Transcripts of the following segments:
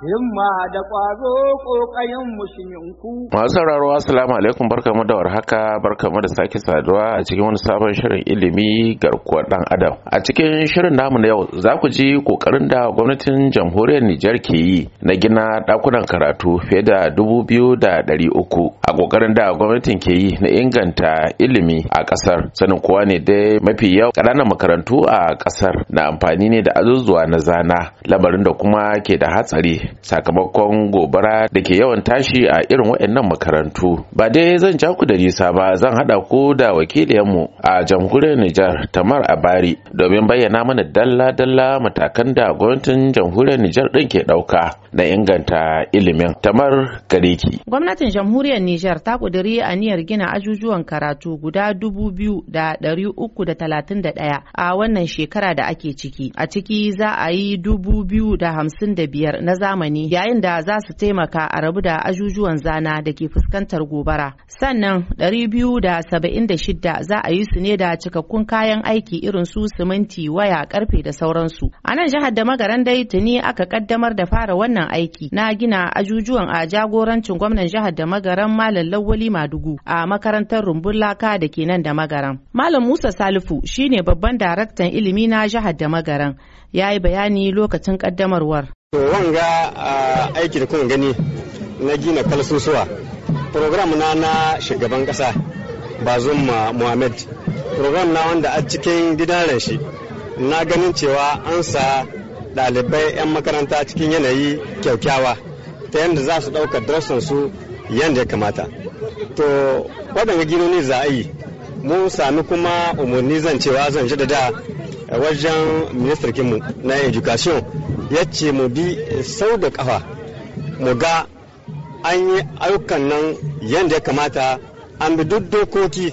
himma da ƙwazo ƙoƙayen Masu sauraro assalamu alaikum barkamu da warhaka barkamu da sake saduwa a cikin wani sabon shirin ilimi garkuwar ɗan adam. A cikin shirin namu na yau za ku ji ƙoƙarin da gwamnatin jamhuriyar Nijar ke yi na gina ɗakunan karatu fiye da dubu biyu da ɗari uku a ƙoƙarin da gwamnatin ke yi na inganta ilimi a ƙasar sanin kuwa ne dai mafi yau ƙananan makarantu a ƙasar na amfani ne da azuzuwa na zana labarin da kuma ke da hatsari sakamakon gobara da ke yawan tashi a irin waɗannan makarantu ba dai zan ja ku da nisa ba zan haɗa ku da wakiliyanmu a jamhuriyar Nijar Tamar Abari domin bayyana mana dalla-dalla matakan da gwamnatin jamhuriyar Nijar ɗin ke ɗauka na inganta ilimin Tamar gariki Gwamnatin jamhuriyar Nijar ta ƙudiri aniyar gina ajujuwan karatu guda dubu biyu da ɗari uku da talatin da ɗaya a wannan shekara da ake ciki a ciki za a yi dubu biyu da hamsin da biyar na zamani zamani yayin da za su taimaka a rabu da ajujuwan zana da ke fuskantar gobara. Sannan 276 za a yi su ne da cikakkun kayan aiki irin su siminti, waya, karfe da sauransu. A nan jihar da magaran dai tuni aka kaddamar da fara wannan aiki na gina ajujuwan a jagorancin gwamnan jihar da magaran Malam Lawali Madugu a makarantar Rumbun Laka da ke nan da magaran. Malam Musa Salifu shine babban daraktan ilimi na jihar da magaran. Ya yi bayani lokacin kaddamarwar. To wanga aiki da kuma gani na gina kalsusuwa program na na shugaban kasa bazum Muhammad program na wanda a cikin gidan shi na ganin cewa an sa ɗalibai 'yan makaranta cikin yanayi kyaukyawa ta yadda za su ɗauka su yadda ya kamata to waɗanda ginoni za a yi mun sami kuma umarni zan cewa zan ji da wajen ministarkinmu na education ya ce mu bi sau da kafa mu ga an yi ayyukan nan yadda ya kamata an bi duk dokoki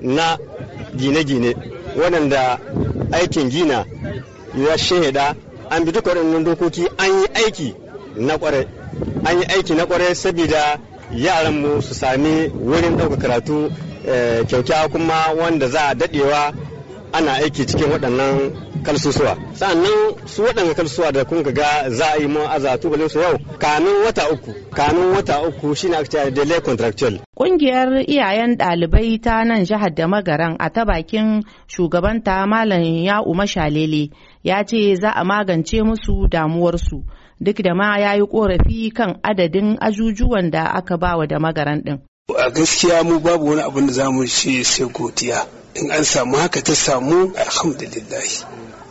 na gine-gine waɗanda aikin gina ya shaida an bi duk waɗannan dokoki an yi aiki na ƙware an yi aiki na ƙware saboda yaranmu su sami wurin ɗauka karatu eh, kyauta kuma wanda za a daɗewa ana aiki cikin waɗannan kalsusuwa sannan su waɗanda kalsusuwa da kun ga za a yi mu zatu tubalin su yau kamin wata uku kamin wata uku shine aka ce delay contractual kungiyar iyayen ɗalibai ta nan jihar da magaran a ta bakin shugabanta Malam Ya'u Mashalele ya ce za a magance musu damuwarsu duk da ma ya yi korafi kan adadin ajujuwan da aka bawa da magaran ɗin. a gaskiya mu babu wani abin da zamu ce sai godiya in an samu haka ta samu alhamdulillah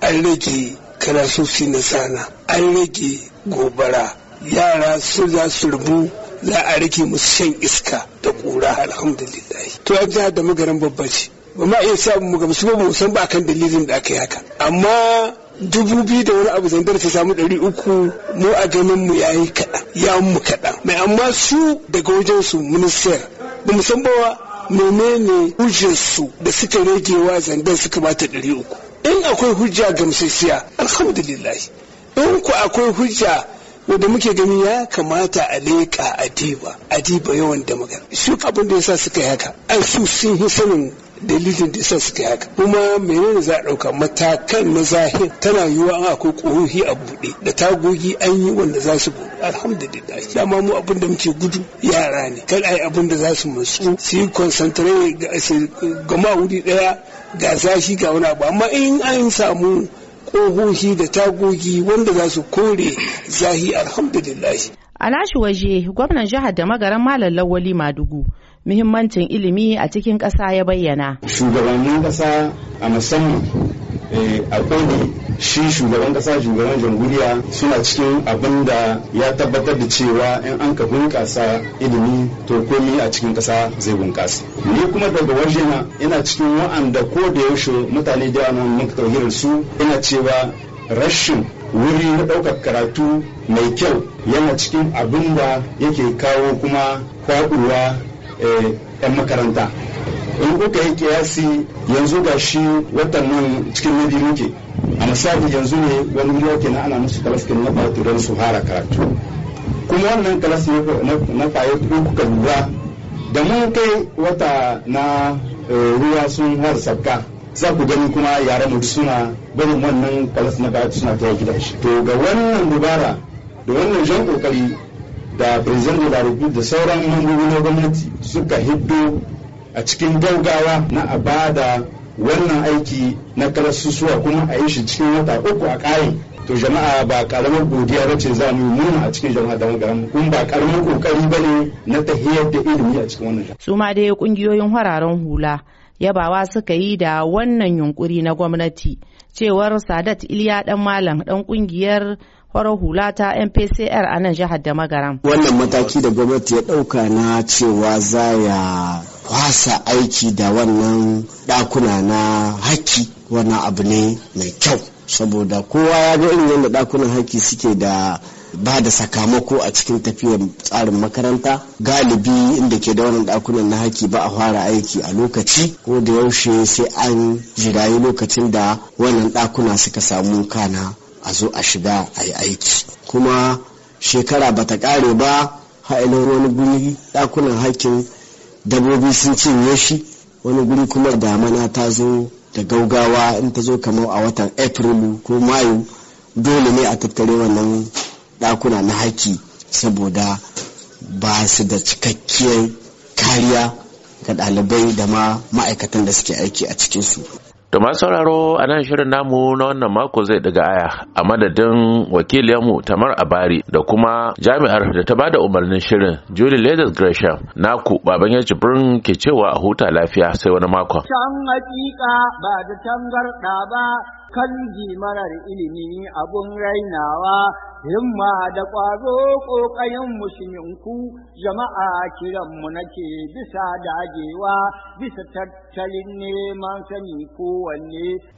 an rage karasusi na sana an rage gobara yara su za su rubu za a rage musu shan iska da ƙura alhamdulillah to an jihar da magaran babba ce ba ma iya samun mu gamsu ba mu san ba kan dalilin da aka yi haka amma dubu biyu da wani abu zandar ta samu ɗari uku mu a ganin mu yi kaɗan ya mu kaɗan mai amma su daga wajen su minister ba mu san bawa menene hujjarsu da suka ragewa zandan suka bata ɗari uku in akwai hujja gamsasshiya alhamdulillah in ku akwai hujja wanda muke gani ya kamata a leƙa adiba adiba yawan da magana shi abin da yasa suka yi haka ai su sun yi sanin dalilin da yasa suka yi haka kuma menene za a ɗauka matakan na zahir tana yiwuwa an akwai ƙohohi a buɗe da tagogi an yi wanda za su buɗe alhamdulillah dama mu abin da muke gudu yara ne kar ai abin da za su matsu su yi concentrate ga ma wuri ɗaya ga zashi ga wani abu amma in an samu ƙofofi da tagogi wanda za su kore zahi alhamdulillahi. a nashi waje gwamnan jihar da magaran malam lawali madugu muhimmancin ilimi a cikin ƙasa ya bayyana shugabannin ƙasa a musamman Eh, akwai ne shi shugaban kasa shugaban jamhuriya suna cikin abin da ya tabbatar da cewa in an ka bunƙasa ilimi to komi a cikin kasa zai bunƙasa ni kuma daga wajena ina cikin wa'anda ko da yaushe mutane da yawa mun tauhirin su ina cewa rashin wuri na ɗaukar karatu mai kyau yana cikin abin da yake kawo kuma kwaɗuwa 'yan eh, makaranta in kuka yi kiyasi yanzu ga shi watan nan cikin na muke a misali yanzu ne wani miliyan kenan ana musu kalaskin na karatu don su fara karatu kuma wannan kalas na kwayar kuɗi kuka lura da mun kai wata na eh, ruwa sun har sabka za ku gani kuma yaran mu suna barin wannan kalas na karatu suna ta gida shi to ga wannan dubara da wannan jan kokari da president da da sauran mambobi na gwamnati suka hiddo a cikin gaugawa na a bada wannan aiki na karasusuwa kuma a yi shi cikin wata uku a ƙarin to jama'a ba karamar godiya ba ce za mu yi a cikin jama'a da magana kuma ba karamar kokari ba ne na tahiyar da ilimi a cikin wannan su ma dai kungiyoyin hararen hula yabawa suka yi da wannan yunkuri na gwamnati cewar sadat iliya dan malam dan kungiyar farar hula ta mpcr a nan jihar da magaram wannan mataki da gwamnati ya dauka na cewa za ya kwasa aiki da wannan ɗakuna na haki wannan abu ne mai kyau saboda kowa ya ga irin yadda ɗakunan haki suke da ba da sakamako a cikin tafiyar tsarin makaranta galibi inda ke da wannan dakunan na haki ba a fara aiki a lokaci ko da yaushe sai an jirayi lokacin da wannan dakuna suka samu kana a zo a shiga a yi aiki kuma shekara bata kare ba ha'ilin wani guri dakunan hakin dabobi sun cinye shi wani guri kuma damana ta zo da gaugawa in ta zo kamar a watan april ko mayu dole ne a tattare wannan dakuna na haki saboda ba su da cikakkiyar kariya ga ɗalibai da ma ma'aikatan da suke aiki a cikinsu To masu sauraro a nan shirin namu na wannan mako zai daga aya a madadin wakiliyarmu Tamar Abari da kuma jami'ar da ta bada umarnin shirin Julie ladies Gresham naku baban ya burin ke cewa a huta lafiya sai wani mako. Can hakika ba da tangarda ba kanji marar ilimi abun rainawa himma da ƙwazo ƙoƙarin musulunku, jama'a kiranmu nake bisa dagewa bisa tattalin neman sani kowanne